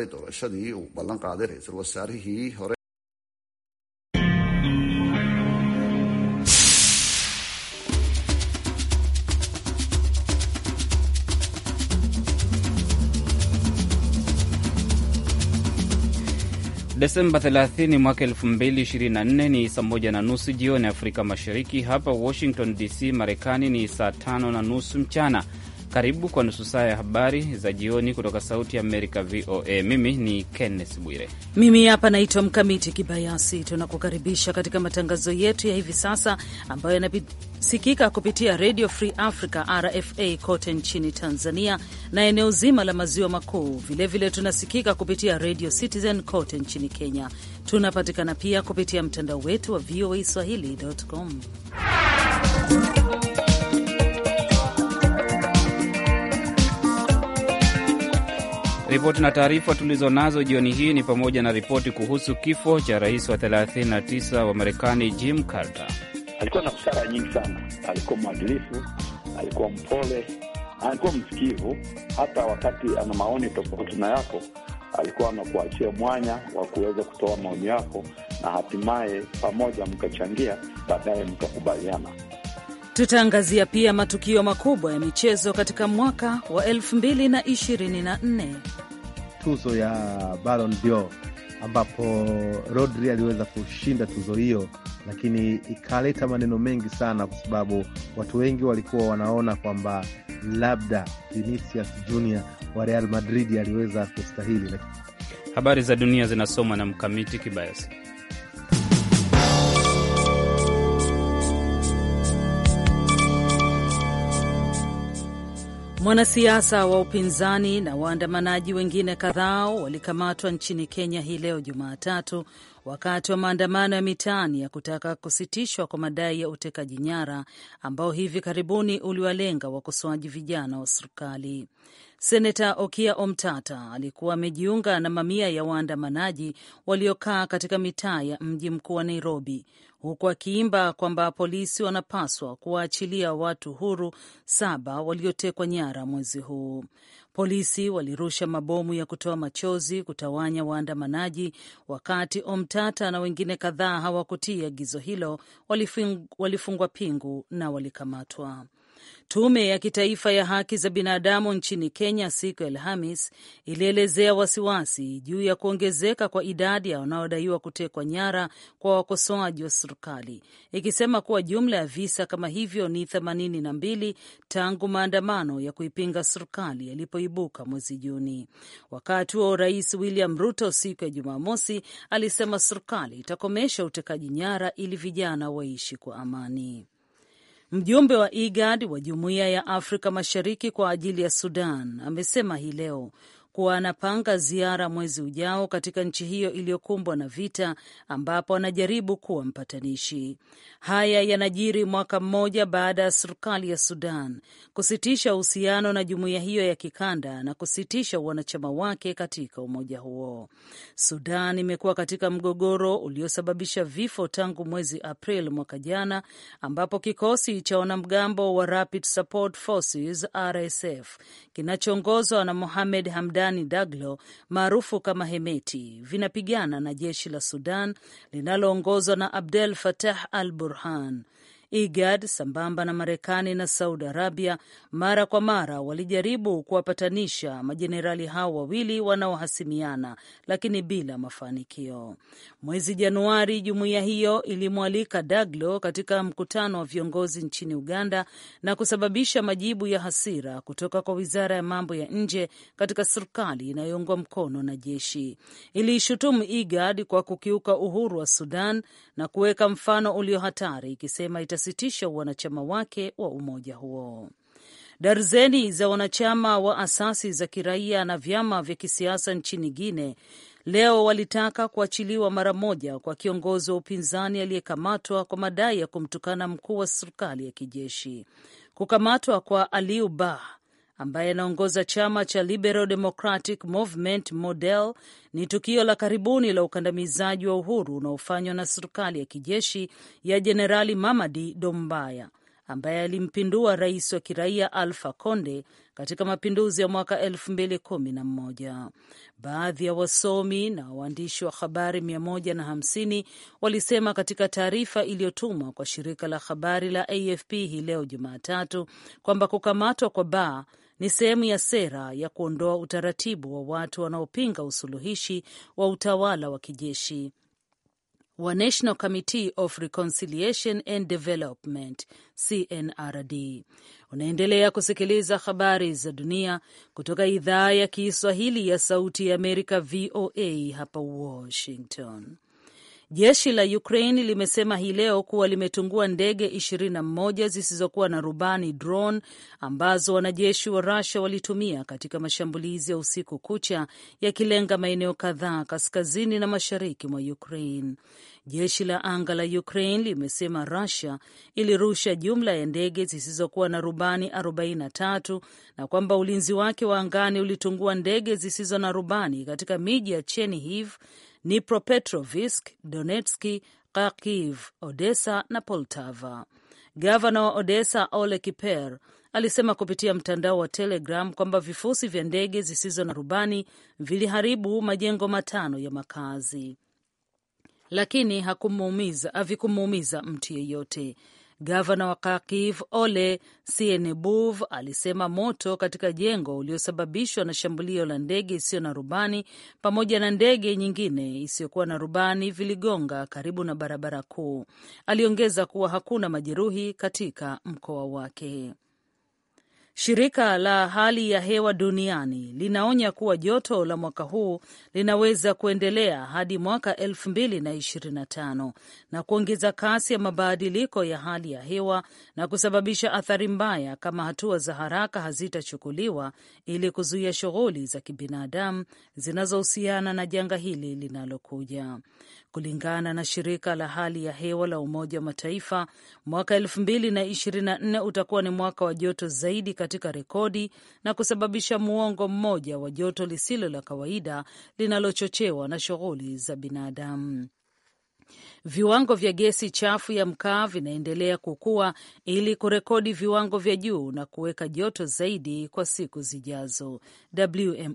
Doorashadii uu ballan qaaday raiisul wasaarihii hore. Desemba 30 mwaka 2024 ni saa moja na nusu jioni Afrika Mashariki. Hapa Washington DC, Marekani ni saa tano na nusu mchana. Karibu kwa nusu saa ya habari za jioni kutoka Sauti Amerika, VOA. Mimi ni Kenneth Bwire, mimi hapa naitwa Mkamiti Kibayasi. Tunakukaribisha katika matangazo yetu ya hivi sasa ambayo yanasikika kupitia Radio Free Africa, RFA, kote nchini Tanzania na eneo zima la maziwa makuu. Vilevile tunasikika kupitia Radio Citizen kote nchini Kenya. Tunapatikana pia kupitia mtandao wetu wa VOA swahili.com Ripoti na taarifa tulizonazo jioni hii ni pamoja na ripoti kuhusu kifo cha rais wa 39 wa Marekani Jim Carter. Alikuwa na busara nyingi sana, alikuwa mwadilifu, alikuwa mpole, alikuwa msikivu. Hata wakati ana maoni tofauti na yako, alikuwa anakuachia mwanya wa kuweza kutoa maoni yako, na hatimaye pamoja mkachangia, baadaye mkakubaliana. Tutaangazia pia matukio makubwa ya michezo katika mwaka wa 2024 tuzo ya Ballon d'Or ambapo Rodri aliweza kushinda tuzo hiyo, lakini ikaleta maneno mengi sana, kwa sababu watu wengi walikuwa wanaona kwamba labda Vinicius Junior wa Real Madrid aliweza kustahili. Habari za dunia zinasomwa na Mkamiti Kibayasi. Mwanasiasa wa upinzani na waandamanaji wengine kadhaa walikamatwa nchini Kenya hii leo Jumatatu wakati wa maandamano ya mitaani ya kutaka kusitishwa kwa madai ya utekaji nyara ambao hivi karibuni uliwalenga wakosoaji vijana wa serikali. Seneta Okia Omtata alikuwa amejiunga na mamia ya waandamanaji waliokaa katika mitaa ya mji mkuu wa Nairobi huku akiimba kwamba polisi wanapaswa kuwaachilia watu huru saba waliotekwa nyara mwezi huu. Polisi walirusha mabomu ya kutoa machozi kutawanya waandamanaji, wakati Omtata na wengine kadhaa hawakutii agizo hilo, walifungwa pingu na walikamatwa. Tume ya Kitaifa ya Haki za Binadamu nchini Kenya siku ya Alhamis ilielezea wasiwasi juu ya kuongezeka kwa idadi ya wanaodaiwa kutekwa nyara kwa wakosoaji wa serikali, ikisema kuwa jumla ya visa kama hivyo ni themanini na mbili tangu maandamano ya kuipinga serikali yalipoibuka mwezi Juni. Wakati huo Rais William Ruto siku ya Jumamosi alisema serikali itakomesha utekaji nyara ili vijana waishi kwa amani. Mjumbe wa IGAD wa Jumuiya ya Afrika Mashariki kwa ajili ya Sudan amesema hii leo kuwa anapanga ziara mwezi ujao katika nchi hiyo iliyokumbwa na vita, ambapo anajaribu kuwa mpatanishi. Haya yanajiri mwaka mmoja baada ya serikali ya Sudan kusitisha uhusiano na jumuiya hiyo ya kikanda na kusitisha wanachama wake katika umoja huo. Sudan imekuwa katika mgogoro uliosababisha vifo tangu mwezi april mwaka jana, ambapo kikosi cha wanamgambo wa Rapid Support Forces RSF kinachoongozwa na Mohamed Hamdan Sudani Daglo maarufu kama Hemeti vinapigana na jeshi la Sudan linaloongozwa na Abdel Fattah al Burhan. IGAD sambamba na Marekani na Saudi Arabia mara kwa mara walijaribu kuwapatanisha majenerali hao wawili wanaohasimiana, lakini bila mafanikio. Mwezi Januari, jumuiya hiyo ilimwalika Daglo katika mkutano wa viongozi nchini Uganda na kusababisha majibu ya hasira kutoka kwa wizara ya mambo ya nje katika serikali inayoungwa mkono na jeshi. Iliishutumu IGAD kwa kukiuka uhuru wa Sudan na kuweka mfano ulio hatari, ikisema ita ikasitisha wanachama wake wa umoja huo. Darzeni za wanachama wa asasi za kiraia na vyama vya kisiasa nchini Guine leo walitaka kuachiliwa mara moja kwa kiongozi wa upinzani aliyekamatwa kwa madai ya kumtukana mkuu wa serikali ya kijeshi. Kukamatwa kwa Aliu Bah ambaye anaongoza chama cha Liberal Democratic Movement Model ni tukio la karibuni la ukandamizaji wa uhuru unaofanywa na serikali ya kijeshi ya Jenerali Mamadi Dombaya ambaye alimpindua rais wa kiraia alfa Conde katika mapinduzi ya mwaka 211 Baadhi ya wasomi na waandishi wa habari 150 walisema katika taarifa iliyotumwa kwa shirika la habari la AFP hii leo Jumatatu kwamba kukamatwa kwa Ba ni sehemu ya sera ya kuondoa utaratibu wa watu wanaopinga usuluhishi wa utawala wa kijeshi wa National Committee of Reconciliation and Development CNRD. Unaendelea kusikiliza habari za dunia kutoka idhaa ya Kiswahili ya Sauti ya Amerika VOA hapa Washington. Jeshi la Ukraine limesema hii leo kuwa limetungua ndege 21 zisizokuwa na rubani drone, ambazo wanajeshi wa Russia walitumia katika mashambulizi ya usiku kucha yakilenga maeneo kadhaa kaskazini na mashariki mwa Ukraine. Jeshi la anga la Ukraine limesema Russia ilirusha jumla ya ndege zisizokuwa na rubani 43 na kwamba ulinzi wake wa angani ulitungua ndege zisizo na rubani katika miji ya Chernihiv Dnipropetrovsk, Donetski, Kharkiv, Odessa na Poltava. Gavana wa Odessa Ole Kiper alisema kupitia mtandao wa Telegram kwamba vifusi vya ndege zisizo na rubani viliharibu majengo matano ya makazi, lakini hakumuumiza, havikumuumiza mtu yeyote. Gavana wa Kharkiv Ole sienebuv alisema moto katika jengo uliosababishwa na shambulio la ndege isiyo na rubani pamoja na ndege nyingine isiyokuwa na rubani viligonga karibu na barabara kuu. Aliongeza kuwa hakuna majeruhi katika mkoa wake. Shirika la hali ya hewa duniani linaonya kuwa joto la mwaka huu linaweza kuendelea hadi mwaka 2025 na kuongeza kasi ya mabadiliko ya hali ya hewa na kusababisha athari mbaya kama hatua za haraka hazitachukuliwa ili kuzuia shughuli za kibinadamu zinazohusiana na janga hili linalokuja. Kulingana na shirika la hali ya hewa la Umoja wa Mataifa, mwaka 2024 utakuwa ni mwaka wa joto zaidi katika rekodi na kusababisha muongo mmoja wa joto lisilo la kawaida linalochochewa na shughuli za binadamu. Viwango vya gesi chafu ya mkaa vinaendelea kukua ili kurekodi viwango vya juu na kuweka joto zaidi kwa siku zijazo,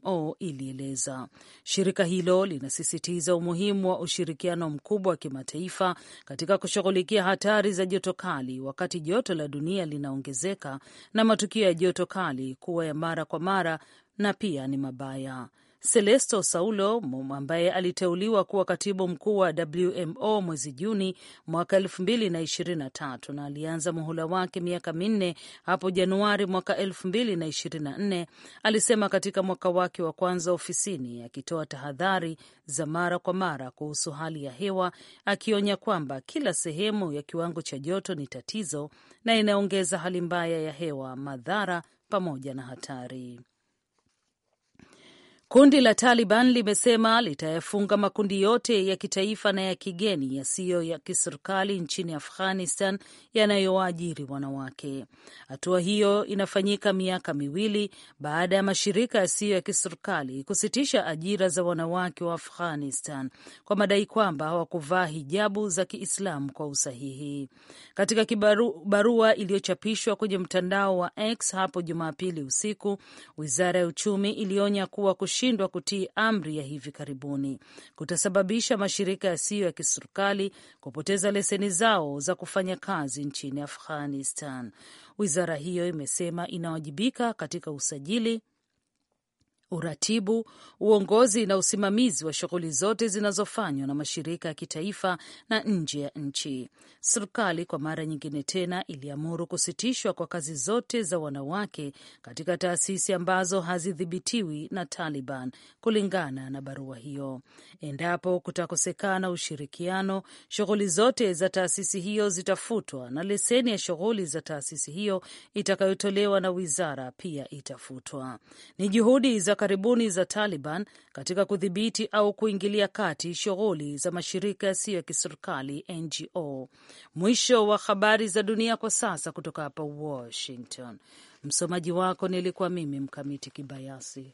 WMO ilieleza. Shirika hilo linasisitiza umuhimu wa ushirikiano mkubwa wa kimataifa katika kushughulikia hatari za joto kali, wakati joto la dunia linaongezeka na matukio ya joto kali kuwa ya mara kwa mara na pia ni mabaya. Selesto Saulo ambaye aliteuliwa kuwa katibu mkuu wa WMO mwezi Juni mwaka mbili na alianza muhula wake miaka minne hapo Januari mwaka nne alisema katika mwaka wake wa kwanza ofisini, akitoa tahadhari za mara kwa mara kuhusu hali ya hewa, akionya kwamba kila sehemu ya kiwango cha joto ni tatizo na inaongeza hali mbaya ya hewa, madhara pamoja na hatari. Kundi la Taliban limesema litayafunga makundi yote ya kitaifa na ya kigeni yasiyo ya kiserikali nchini Afghanistan yanayowaajiri wanawake. Hatua hiyo inafanyika miaka miwili baada ya mashirika yasiyo ya kiserikali kusitisha ajira za wanawake wa Afghanistan kwa madai kwamba hawakuvaa hijabu za Kiislamu kwa usahihi. Katika kibarua iliyochapishwa kwenye mtandao wa X hapo Jumapili usiku, wizara ya uchumi ilionya kuwa kushindwa kutii amri ya hivi karibuni kutasababisha mashirika yasiyo ya kiserikali kupoteza leseni zao za kufanya kazi nchini Afghanistan. Wizara hiyo imesema inawajibika katika usajili uratibu, uongozi na usimamizi wa shughuli zote zinazofanywa na mashirika ya kitaifa na nje ya nchi. Serikali kwa mara nyingine tena iliamuru kusitishwa kwa kazi zote za wanawake katika taasisi ambazo hazidhibitiwi na Taliban, kulingana na barua hiyo. Endapo kutakosekana ushirikiano, shughuli zote za taasisi hiyo zitafutwa na leseni ya shughuli za taasisi hiyo itakayotolewa na wizara pia itafutwa. Ni juhudi za karibuni za Taliban katika kudhibiti au kuingilia kati shughuli za mashirika yasiyo ya kiserikali NGO. Mwisho wa habari za dunia kwa sasa kutoka hapa Washington. Msomaji wako nilikuwa mimi Mkamiti Kibayasi.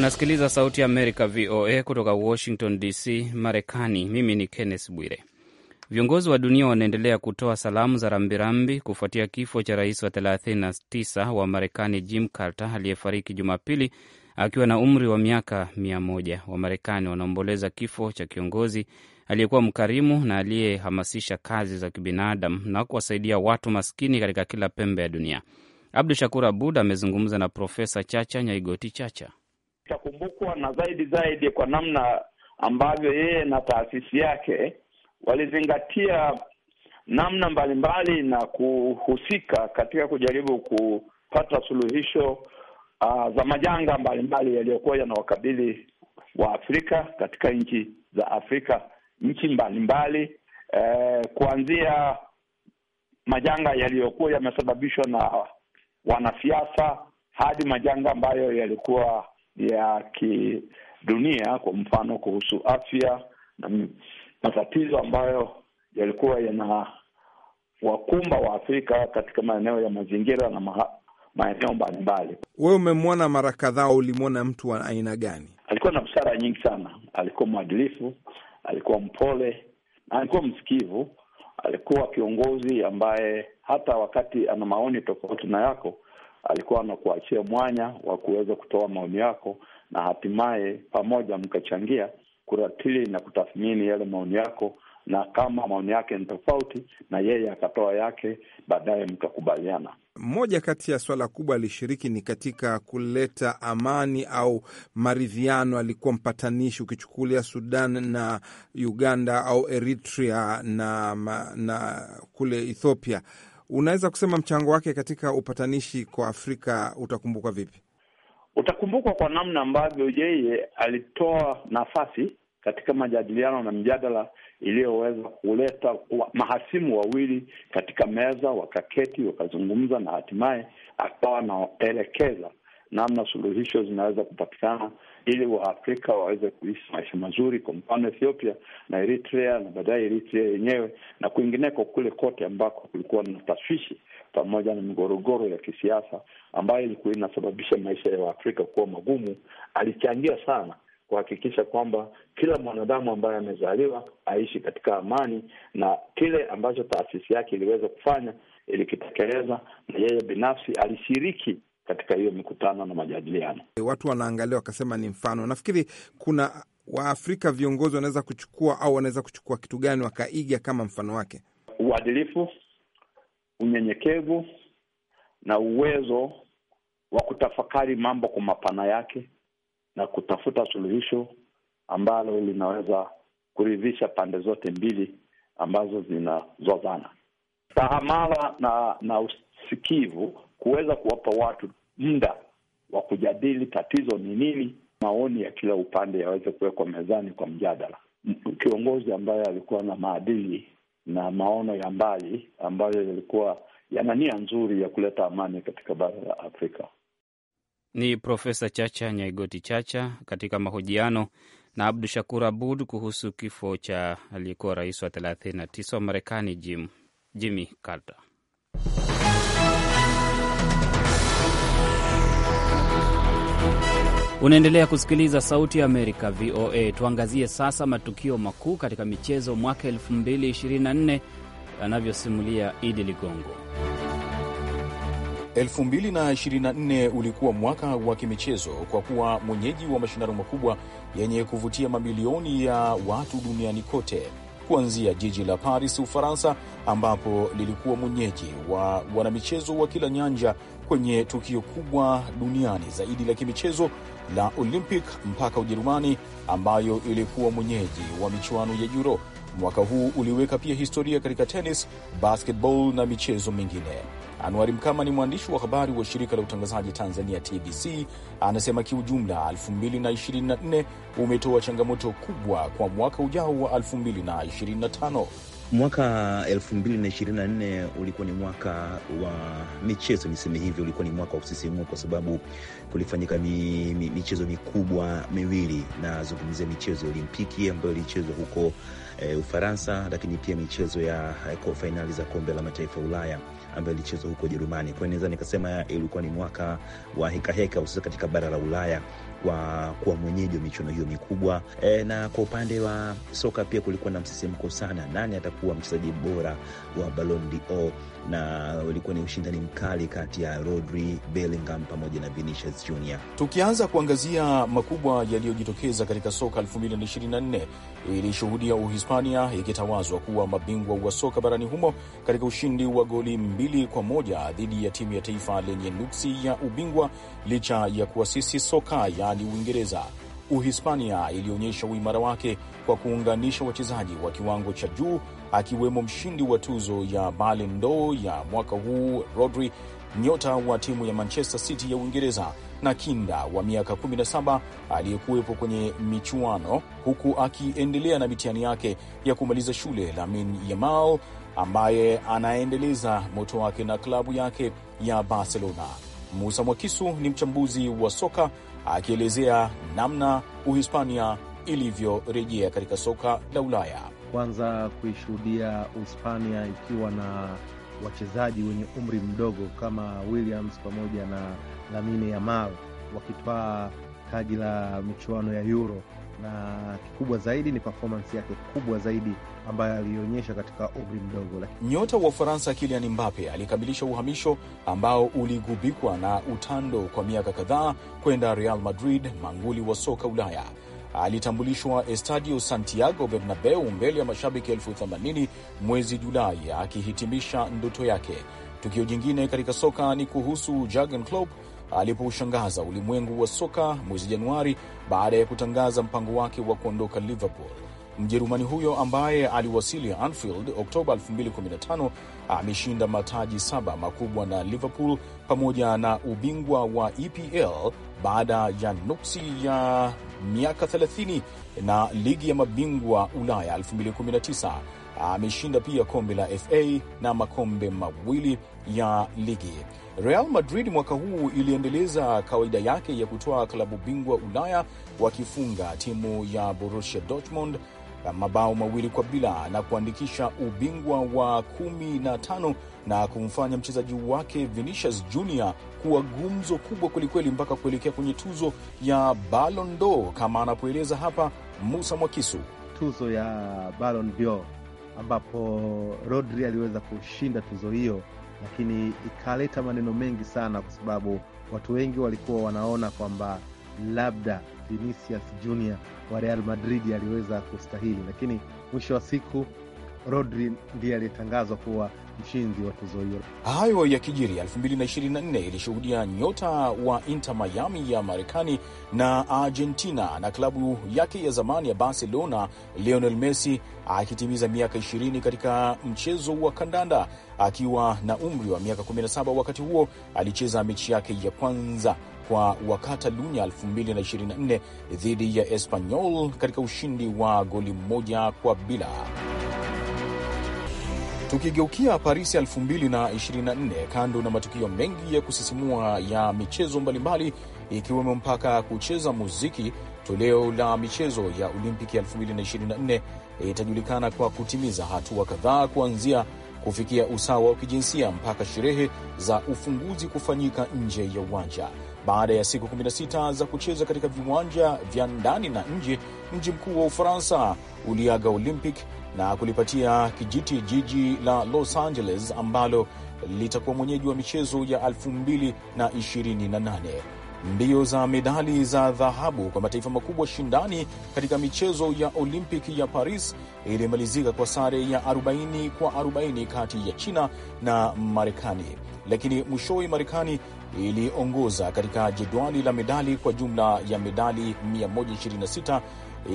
Unasikiliza Sauti ya Amerika, VOA, kutoka Washington DC, Marekani. Mimi ni Kenneth Bwire. Viongozi wa dunia wanaendelea kutoa salamu za rambirambi kufuatia kifo cha rais wa 39 wa Marekani Jim Carter aliyefariki Jumapili akiwa na umri wa miaka 100. Wamarekani wanaomboleza kifo cha kiongozi aliyekuwa mkarimu na aliyehamasisha kazi za kibinadamu na kuwasaidia watu maskini katika kila pembe ya dunia. Abdu Shakur Abud amezungumza na Profesa Chacha Nyaigoti Chacha itakumbukwa na zaidi zaidi kwa namna ambavyo yeye na taasisi yake walizingatia namna mbalimbali na kuhusika katika kujaribu kupata suluhisho uh, za majanga mbalimbali yaliyokuwa yanawakabili wa Afrika katika nchi za Afrika, nchi mbalimbali eh, kuanzia majanga yaliyokuwa yamesababishwa na wanasiasa hadi majanga ambayo yalikuwa ya kidunia, kwa mfano kuhusu afya na matatizo ambayo yalikuwa yana wakumba wa afrika katika maeneo ya mazingira na maha, maeneo mbalimbali. Wewe umemwona mara kadhaa, ulimwona mtu wa aina gani? Alikuwa na busara nyingi sana, alikuwa mwadilifu, alikuwa mpole, alikuwa msikivu, alikuwa kiongozi ambaye hata wakati ana maoni tofauti na yako alikuwa anakuachia mwanya wa kuweza kutoa maoni yako, na hatimaye pamoja mkachangia kuratili na kutathmini yale maoni yako, na kama maoni yake ni tofauti na yeye akatoa yake, baadaye mkakubaliana. Moja kati ya swala kubwa alishiriki ni katika kuleta amani au maridhiano. Alikuwa mpatanishi, ukichukulia Sudan na Uganda au Eritrea na, na kule Ethiopia unaweza kusema mchango wake katika upatanishi kwa Afrika utakumbukwa vipi? Utakumbukwa kwa namna ambavyo yeye alitoa nafasi katika majadiliano na mjadala iliyoweza kuleta mahasimu wawili katika meza, wakaketi wakazungumza, na hatimaye akawa anaelekeza namna suluhisho zinaweza kupatikana ili Waafrika waweze kuishi maisha mazuri, kwa mfano Ethiopia na Eritrea na baadaye Eritrea yenyewe na kwingineko kule kote ambako kulikuwa na tashwishi pamoja na migorogoro ya kisiasa ambayo ilikuwa inasababisha maisha ya Waafrika kuwa magumu. Alichangia sana kuhakikisha kwamba kila mwanadamu ambaye amezaliwa aishi katika amani, na kile ambacho taasisi yake iliweza kufanya ilikitekeleza, na yeye binafsi alishiriki katika hiyo mikutano na majadiliano. Watu wanaangalia wakasema ni mfano. Nafikiri kuna Waafrika viongozi wanaweza kuchukua au wanaweza kuchukua kitu gani wakaiga kama mfano wake? Uadilifu, unyenyekevu na uwezo wa kutafakari mambo kwa mapana yake na kutafuta suluhisho ambalo linaweza kuridhisha pande zote mbili ambazo zinazozana. Tahamala na na usikivu kuweza kuwapa watu muda wa kujadili tatizo ni nini, maoni ya kila upande yaweze kuwekwa mezani kwa mjadala. Kiongozi ambaye alikuwa na maadili na maono ya mbali ambayo yalikuwa yana nia nzuri ya kuleta amani katika bara la Afrika ni Profesa Chacha Nyaigoti Chacha katika mahojiano na Abdu Shakur Abud kuhusu kifo cha aliyekuwa rais wa 39 wa Marekani Jimmy Carter. Unaendelea kusikiliza Sauti ya Amerika, VOA. Tuangazie sasa matukio makuu katika michezo mwaka 2024 anavyosimulia Idi Ligongo. 2024 ulikuwa mwaka wa kimichezo kwa kuwa mwenyeji wa mashindano makubwa yenye kuvutia mamilioni ya watu duniani kote kuanzia jiji la Paris, Ufaransa, ambapo lilikuwa mwenyeji wa wanamichezo wa kila nyanja kwenye tukio kubwa duniani zaidi la kimichezo la Olympic, mpaka Ujerumani ambayo ilikuwa mwenyeji wa michuano ya Euro. Mwaka huu uliweka pia historia katika tennis, basketball na michezo mingine. Anuari Mkama ni mwandishi wa habari wa shirika la utangazaji Tanzania TBC, anasema kiujumla 2024 umetoa changamoto kubwa kwa mwaka ujao wa 2025. Mwaka 2024 ulikuwa ni mwaka wa michezo, niseme hivyo, ulikuwa ni mwaka wa kusisimua kwa sababu kulifanyika mi, mi, michezo mikubwa miwili. Nazungumzia michezo ya Olimpiki ambayo ilichezwa huko e, Ufaransa, lakini pia michezo ya eh, fainali za kombe la mataifa Ulaya ambayo ilichezwa huko Ujerumani. Kwa hiyo naweza nikasema ilikuwa ni mwaka wa hekaheka hususa katika bara la Ulaya kwa kuwa mwenyeji wa michuano hiyo mikubwa e, na kwa upande wa soka pia kulikuwa na msisimko sana, nani atakuwa mchezaji bora wa Ballon d'Or, na ulikuwa ni ushindani mkali kati ya Rodri, Bellingham pamoja na Vinicius Junior. Tukianza kuangazia makubwa yaliyojitokeza katika soka 2024 ilishuhudia Uhispania ikitawazwa kuwa mabingwa wa soka barani humo katika ushindi wa goli mbili kwa moja dhidi ya timu ya taifa lenye nuksi ya ubingwa licha ya kuasisi soka yaani Uingereza. Uhispania ilionyesha uimara wake kwa kuunganisha wachezaji wa kiwango cha juu akiwemo mshindi wa tuzo ya Ballon d'Or ya mwaka huu Rodri, nyota wa timu ya Manchester City ya Uingereza na Kinda wa miaka 17 aliyekuwepo kwenye michuano huku akiendelea na mitihani yake ya kumaliza shule. Lamin Yamal ambaye anaendeleza moto wake na klabu yake ya Barcelona. Musa Mwakisu ni mchambuzi wa soka akielezea namna Uhispania ilivyorejea katika soka la Ulaya. Kwanza kuishuhudia Uhispania ikiwa na wachezaji wenye umri mdogo kama Williams pamoja na Lamine Yamal wakitwaa taji la michuano ya Euro, na kikubwa zaidi ni performance yake kubwa zaidi ambayo alionyesha katika umri mdogo. Nyota wa Ufaransa Kylian Mbappe alikamilisha uhamisho ambao uligubikwa na utando kwa miaka kadhaa kwenda Real Madrid, manguli wa soka Ulaya. Alitambulishwa Estadio Santiago Bernabeu mbele ya mashabiki elfu themanini mwezi Julai, akihitimisha ndoto yake. Tukio jingine katika soka ni kuhusu Jurgen Klopp alipoushangaza ulimwengu wa soka mwezi Januari baada ya kutangaza mpango wake wa kuondoka Liverpool. Mjerumani huyo ambaye aliwasili Anfield Oktoba 2015 ameshinda mataji saba makubwa na Liverpool pamoja na ubingwa wa EPL baada ya nuksi ya miaka 30 na ligi ya mabingwa Ulaya 2019 ameshinda pia kombe la FA na makombe mawili ya ligi. Real Madrid mwaka huu iliendeleza kawaida yake ya kutoa klabu bingwa Ulaya wakifunga timu ya Borussia Dortmund eh, mabao mawili kwa bila na kuandikisha ubingwa wa kumi na tano na kumfanya mchezaji wake Vinicius Junior kuwa gumzo kubwa kwelikweli mpaka kuelekea kwenye tuzo ya Ballon d'Or kama anapoeleza hapa Musa Mwakisu. Tuzo ya Ballon d'Or ambapo Rodri aliweza kushinda tuzo hiyo, lakini ikaleta maneno mengi sana, kwa sababu watu wengi walikuwa wanaona kwamba labda Vinicius Junior wa Real Madrid aliweza kustahili, lakini mwisho wa siku Rodri ndiye aliyetangazwa kuwa mshindi wa tuzo hiyo. Hayo ya kijiri 2024 ilishuhudia nyota wa Inter Miami ya Marekani na Argentina na klabu yake ya zamani ya Barcelona Lionel Messi akitimiza miaka 20 katika mchezo wa kandanda akiwa na umri wa miaka 17. Wakati huo alicheza mechi yake ya kwanza kwa Wakatalunya 2024 dhidi ya Espanyol katika ushindi wa goli moja kwa bila. Tukigeukia Paris 2024, kando na matukio mengi ya kusisimua ya michezo mbalimbali ikiwemo mpaka kucheza muziki, toleo la michezo ya Olimpiki 2024 itajulikana kwa kutimiza hatua kadhaa kuanzia kufikia usawa wa kijinsia mpaka sherehe za ufunguzi kufanyika nje ya uwanja. Baada ya siku 16 za kucheza katika viwanja vya ndani na nje, mji mkuu wa Ufaransa uliaga Olympic na kulipatia kijiti jiji la Los Angeles ambalo litakuwa mwenyeji wa michezo ya 2028. Mbio za medali za dhahabu kwa mataifa makubwa shindani katika michezo ya Olimpiki ya Paris ilimalizika kwa sare ya 40 kwa 40 kati ya China na Marekani, lakini mwishowe Marekani iliongoza katika jedwali la medali kwa jumla ya medali 126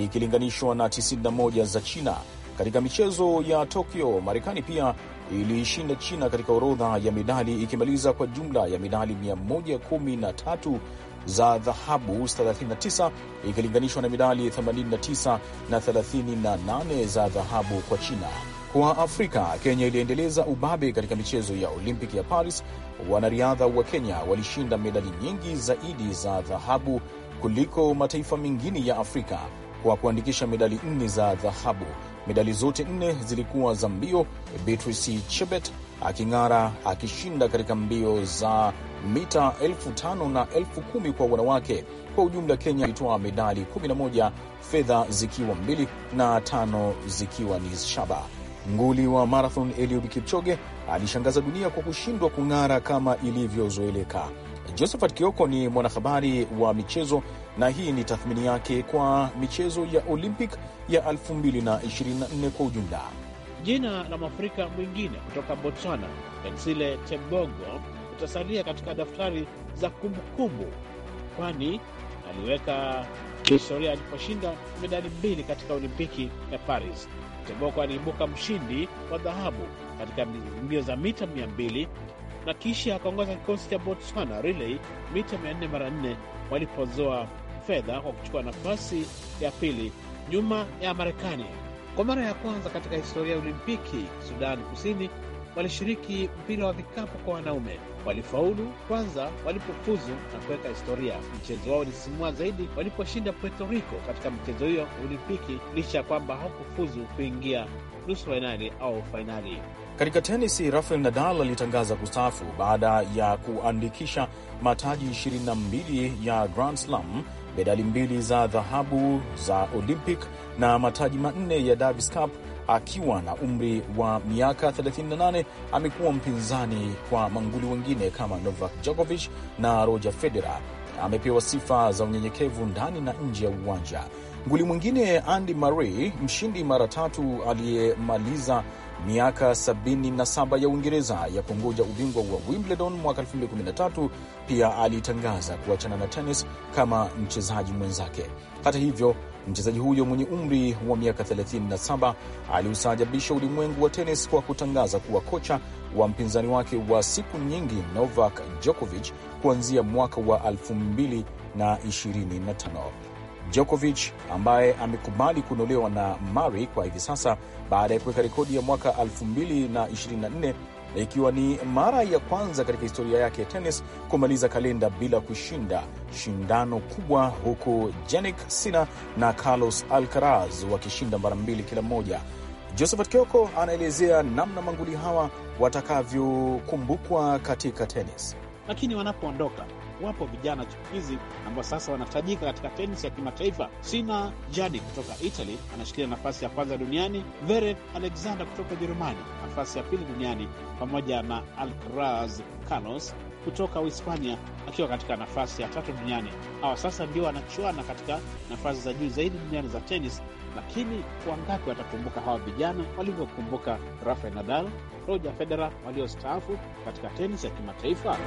ikilinganishwa na 91 za China. Katika michezo ya Tokyo, Marekani pia iliishinda China katika orodha ya medali ikimaliza kwa jumla ya medali 113 za dhahabu 39 ikilinganishwa na medali 89 na 38 za dhahabu kwa China. Kwa Afrika, Kenya iliendeleza ubabe katika michezo ya Olimpiki ya Paris. Wanariadha wa Kenya walishinda medali nyingi zaidi za dhahabu kuliko mataifa mengine ya Afrika kwa kuandikisha medali nne za dhahabu. Medali zote nne zilikuwa za mbio, Beatrice Chebet aking'ara akishinda katika mbio za mita elfu tano na elfu kumi kwa wanawake. Kwa ujumla, Kenya ilitoa medali 11, fedha zikiwa mbili na tano zikiwa ni shaba. Nguli wa marathon Eliud Kipchoge alishangaza dunia kwa kushindwa kung'ara kama ilivyozoeleka. Josephat Kioko ni mwanahabari wa michezo na hii ni tathmini yake kwa michezo ya Olympic ya 2024 kwa ujumla. Jina la mwafrika mwingine kutoka Botswana, pensile tembogo utasalia katika daftari za kumbukumbu, kwani aliweka historia aliposhinda medali mbili katika Olimpiki ya Paris. tembogo aliibuka mshindi wa dhahabu katika mbio za mita 200 na kisha akaongoza kikosi cha Botswana relay mita 400 mara 4 walipozoa fedha kwa kuchukua nafasi ya pili nyuma ya Marekani. Kwa mara ya kwanza katika historia ya Olimpiki, Sudani Kusini walishiriki mpira wa vikapu kwa wanaume. Walifaulu kwanza walipofuzu na kuweka historia. Mchezo wao ulisimua zaidi waliposhinda Puerto Rico katika mchezo hiyo Olimpiki, licha ya kwamba hawakufuzu kuingia nusu fainali au fainali. Katika tenisi, Rafael Nadal alitangaza kustaafu baada ya kuandikisha mataji 22 ya Grand Slam medali mbili za dhahabu za Olympic na mataji manne ya Davis Cup. Akiwa na umri wa miaka 38 amekuwa mpinzani kwa manguli wengine kama Novak Djokovic na Roger Federer. Amepewa sifa za unyenyekevu ndani na nje ya uwanja. Nguli mwingine Andy Murray, mshindi mara tatu aliyemaliza miaka 77 ya Uingereza ya kungoja ubingwa wa Wimbledon mwaka 2013 pia alitangaza kuachana na tenis kama mchezaji mwenzake. Hata hivyo, mchezaji huyo mwenye umri wa miaka 37 aliusajabisha ulimwengu wa tenis kwa kutangaza kuwa kocha wa mpinzani wake wa siku nyingi Novak Djokovic kuanzia mwaka wa 2025. Djokovic ambaye amekubali kuondolewa na Murray kwa hivi sasa baada ya kuweka rekodi ya mwaka 2024 ikiwa ni mara ya kwanza katika historia yake ya tenis kumaliza kalenda bila kushinda shindano kubwa, huku Jannik Sinner na Carlos Alcaraz wakishinda mara mbili kila mmoja. Josephat Kioko anaelezea namna manguli hawa watakavyokumbukwa katika tenis. Lakini wanapoondoka wapo vijana chipukizi ambao sasa wanatajika katika tenis ya kimataifa. Sina Jadi kutoka Italy anashikilia nafasi ya kwanza duniani, Veret Alexander kutoka Ujerumani nafasi ya pili duniani, pamoja na Alcaraz Carlos kutoka Uhispania akiwa katika nafasi ya tatu duniani. Hawa sasa ndio wanachuana katika nafasi za juu zaidi duniani za tenis, lakini wangapi watakumbuka hawa vijana walivyokumbuka Rafael Nadal, Roger Federer waliostaafu katika tenis ya kimataifa?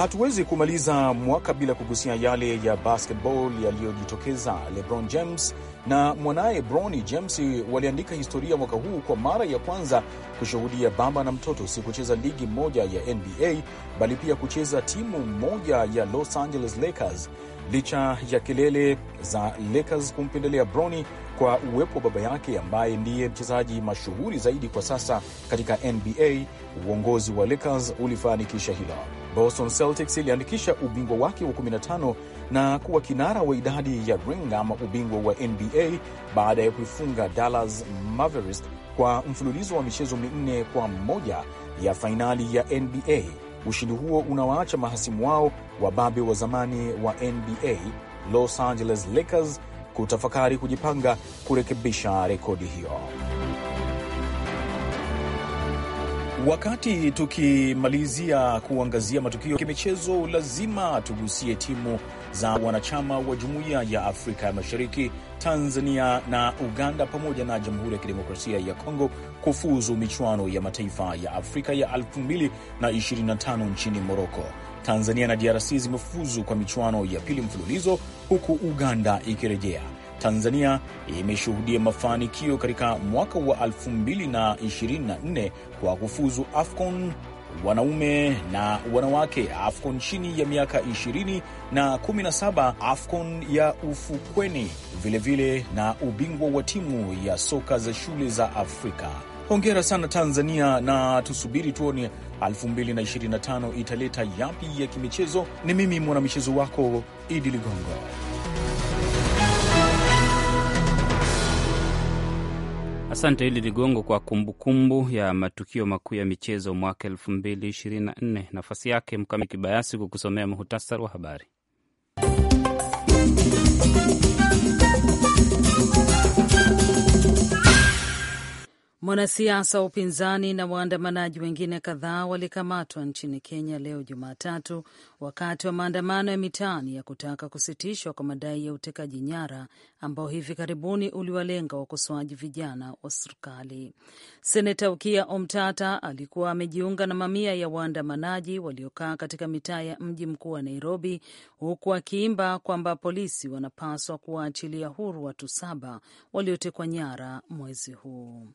Hatuwezi kumaliza mwaka bila kugusia yale ya basketball yaliyojitokeza. LeBron James na mwanaye Bronny James waliandika historia mwaka huu kwa mara ya kwanza kushuhudia baba na mtoto si kucheza ligi moja ya NBA bali pia kucheza timu moja ya Los Angeles Lakers. Licha ya kelele za Lakers kumpendelea Bronny, kwa uwepo wa baba yake ambaye ndiye mchezaji mashuhuri zaidi kwa sasa katika NBA. Uongozi wa Lakers ulifanikisha hilo. Boston Celtics iliandikisha ubingwa wake wa 15 na kuwa kinara wa idadi ya ring ama ubingwa wa NBA baada ya kuifunga Dallas Mavericks kwa mfululizo wa michezo minne kwa mmoja ya fainali ya NBA. Ushindi huo unawaacha mahasimu wao wababe wa zamani wa NBA Los Angeles Lakers kutafakari kujipanga kurekebisha rekodi hiyo. Wakati tukimalizia kuangazia matukio ya kimichezo, lazima tugusie timu za wanachama wa Jumuiya ya Afrika ya Mashariki, Tanzania na Uganda pamoja na Jamhuri ya Kidemokrasia ya Kongo kufuzu michuano ya mataifa ya Afrika ya 2025 nchini Moroko. Tanzania na DRC zimefuzu kwa michuano ya pili mfululizo huku Uganda ikirejea. Tanzania imeshuhudia mafanikio katika mwaka wa 2024 kwa kufuzu AFCON wanaume na wanawake, AFCON chini ya miaka 20 na 17, AFCON ya ufukweni, vilevile vile na ubingwa wa timu ya soka za shule za Afrika. Hongera sana Tanzania, na tusubiri tuone 2025 italeta yapi ya kimichezo. Ni mimi mwanamichezo wako Idi Ligongo. Asante Idi Ligongo kwa kumbukumbu kumbu ya matukio makuu ya michezo mwaka 2024. Nafasi yake Mkamiti Kibayasi kukusomea muhtasari wa habari. Mwanasiasa wa upinzani na waandamanaji wengine kadhaa walikamatwa nchini Kenya leo Jumatatu wakati wa maandamano ya mitaani ya kutaka kusitishwa kwa madai ya utekaji nyara ambao hivi karibuni uliwalenga wakosoaji vijana wa serikali. Seneta Ukia Omtata alikuwa amejiunga na mamia ya waandamanaji waliokaa katika mitaa ya mji mkuu wa Nairobi, huku akiimba kwamba polisi wanapaswa kuwaachilia huru watu saba waliotekwa nyara mwezi huu.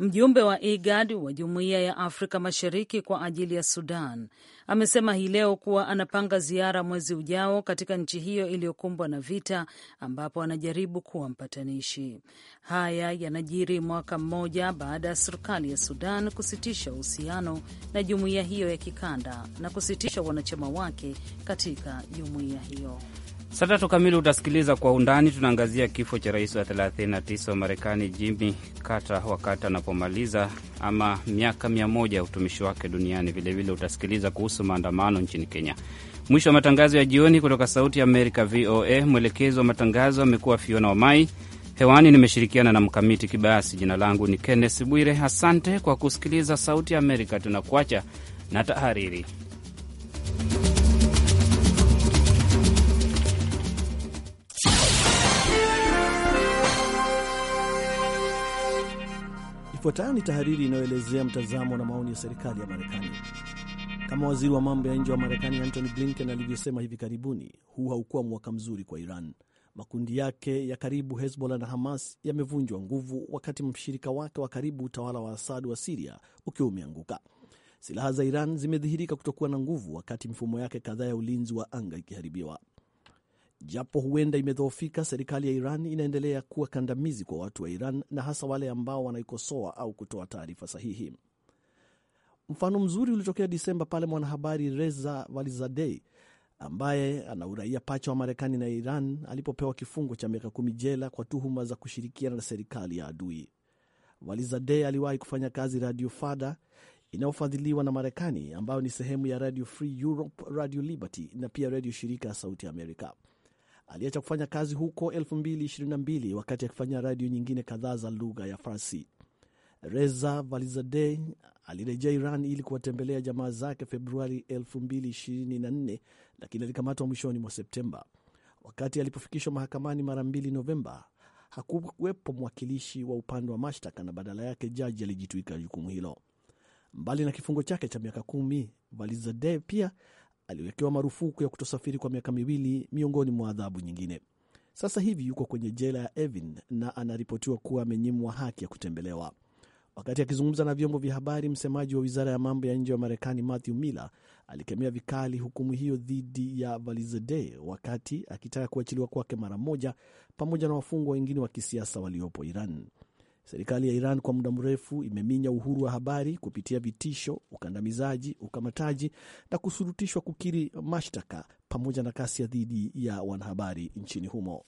Mjumbe wa IGAD wa Jumuiya ya Afrika Mashariki kwa ajili ya Sudan amesema hii leo kuwa anapanga ziara mwezi ujao katika nchi hiyo iliyokumbwa na vita, ambapo anajaribu kuwa mpatanishi. Haya yanajiri mwaka mmoja baada ya serikali ya Sudan kusitisha uhusiano na jumuiya hiyo ya kikanda na kusitisha wanachama wake katika jumuiya hiyo. Saa tatu kamili utasikiliza Kwa Undani. Tunaangazia kifo cha rais wa 39 wa Marekani Jimmy Carter wakati anapomaliza ama miaka mia moja ya utumishi wake duniani. Vilevile utasikiliza kuhusu maandamano nchini Kenya. Mwisho wa matangazo ya jioni kutoka Sauti ya Amerika, VOA. Mwelekezi wa matangazo amekuwa Fiona Wamai. Hewani nimeshirikiana na Mkamiti Kibayasi. Jina langu ni Kenneth Bwire. Asante kwa kusikiliza Sauti ya Amerika. Tunakuacha na tahariri. Ifuatayo ni tahariri inayoelezea mtazamo na maoni ya serikali ya Marekani. Kama waziri wa mambo ya nje wa Marekani Antony Blinken alivyosema hivi karibuni, huu haukuwa mwaka mzuri kwa Iran. Makundi yake ya karibu Hezbollah na Hamas yamevunjwa nguvu, wakati mshirika wake wa karibu utawala wa Asad wa Siria ukiwa umeanguka. Silaha za Iran zimedhihirika kutokuwa na nguvu, wakati mifumo yake kadhaa ya ulinzi wa anga ikiharibiwa. Japo huenda imedhoofika, serikali ya Iran inaendelea kuwa kandamizi kwa watu wa Iran na hasa wale ambao wanaikosoa au kutoa taarifa sahihi. Mfano mzuri ulitokea Disemba pale mwanahabari Reza Valizadei ambaye ana uraia pacha wa Marekani na Iran alipopewa kifungo cha miaka kumi jela kwa tuhuma za kushirikiana na serikali ya adui. Valizadei aliwahi kufanya kazi Radio Fada inayofadhiliwa na Marekani, ambayo ni sehemu ya Radio Free Europe, Radio Liberty na pia redio shirika ya Sauti Amerika aliacha kufanya kazi huko 2022 wakati akifanya redio nyingine kadhaa za lugha ya Farsi. Reza valizade alirejea Iran ili kuwatembelea jamaa zake Februari 2024 lakini alikamatwa mwishoni mwa Septemba. Wakati alipofikishwa mahakamani mara mbili Novemba, hakuwepo mwakilishi wa upande wa mashtaka na badala yake jaji alijitwika jukumu hilo. Mbali na kifungo chake cha miaka kumi, valizade pia aliwekewa marufuku ya kutosafiri kwa miaka miwili miongoni mwa adhabu nyingine. Sasa hivi yuko kwenye jela ya Evin na anaripotiwa kuwa amenyimwa haki ya kutembelewa. Wakati akizungumza na vyombo vya habari, msemaji wa wizara ya mambo ya nje wa Marekani Matthew Miller alikemea vikali hukumu hiyo dhidi ya Valizade wakati akitaka kuachiliwa kwake mara moja, pamoja na wafungwa wengine wa kisiasa waliopo Iran. Serikali ya Iran kwa muda mrefu imeminya uhuru wa habari kupitia vitisho, ukandamizaji, ukamataji na kusurutishwa kukiri mashtaka pamoja na kasia dhidi ya wanahabari nchini humo.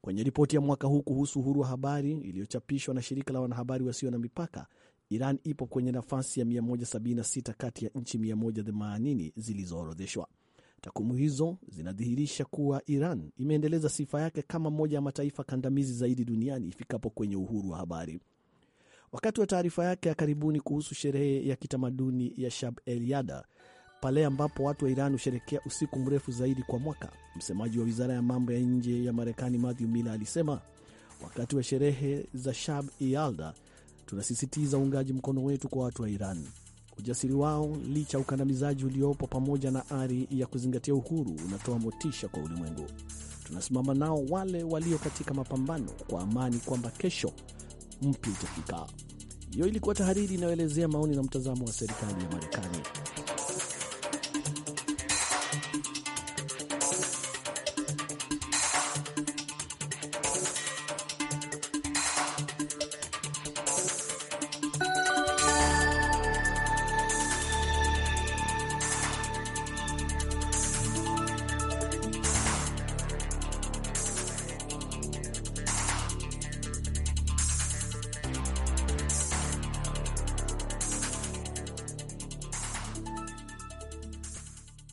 Kwenye ripoti ya mwaka huu kuhusu uhuru wa habari iliyochapishwa na shirika la wanahabari wasio na mipaka, Iran ipo kwenye nafasi ya 176 kati ya nchi 180 zilizoorodheshwa. Takwimu hizo zinadhihirisha kuwa Iran imeendeleza sifa yake kama moja ya mataifa kandamizi zaidi duniani ifikapo kwenye uhuru wa habari. Wakati wa taarifa yake ya karibuni kuhusu sherehe ya kitamaduni ya Shab el Yada, pale ambapo watu wa Iran husherekea usiku mrefu zaidi kwa mwaka, msemaji wa wizara ya mambo ya nje ya Marekani Matthew Miller alisema, wakati wa sherehe za Shab el Yada tunasisitiza uungaji mkono wetu kwa watu wa Iran. Ujasiri wao licha ya ukandamizaji uliopo, pamoja na ari ya kuzingatia uhuru, unatoa motisha kwa ulimwengu. Tunasimama nao wale walio katika mapambano kwa amani, kwamba kesho mpya itafika. Hiyo ilikuwa tahariri inayoelezea maoni na mtazamo wa serikali ya Marekani.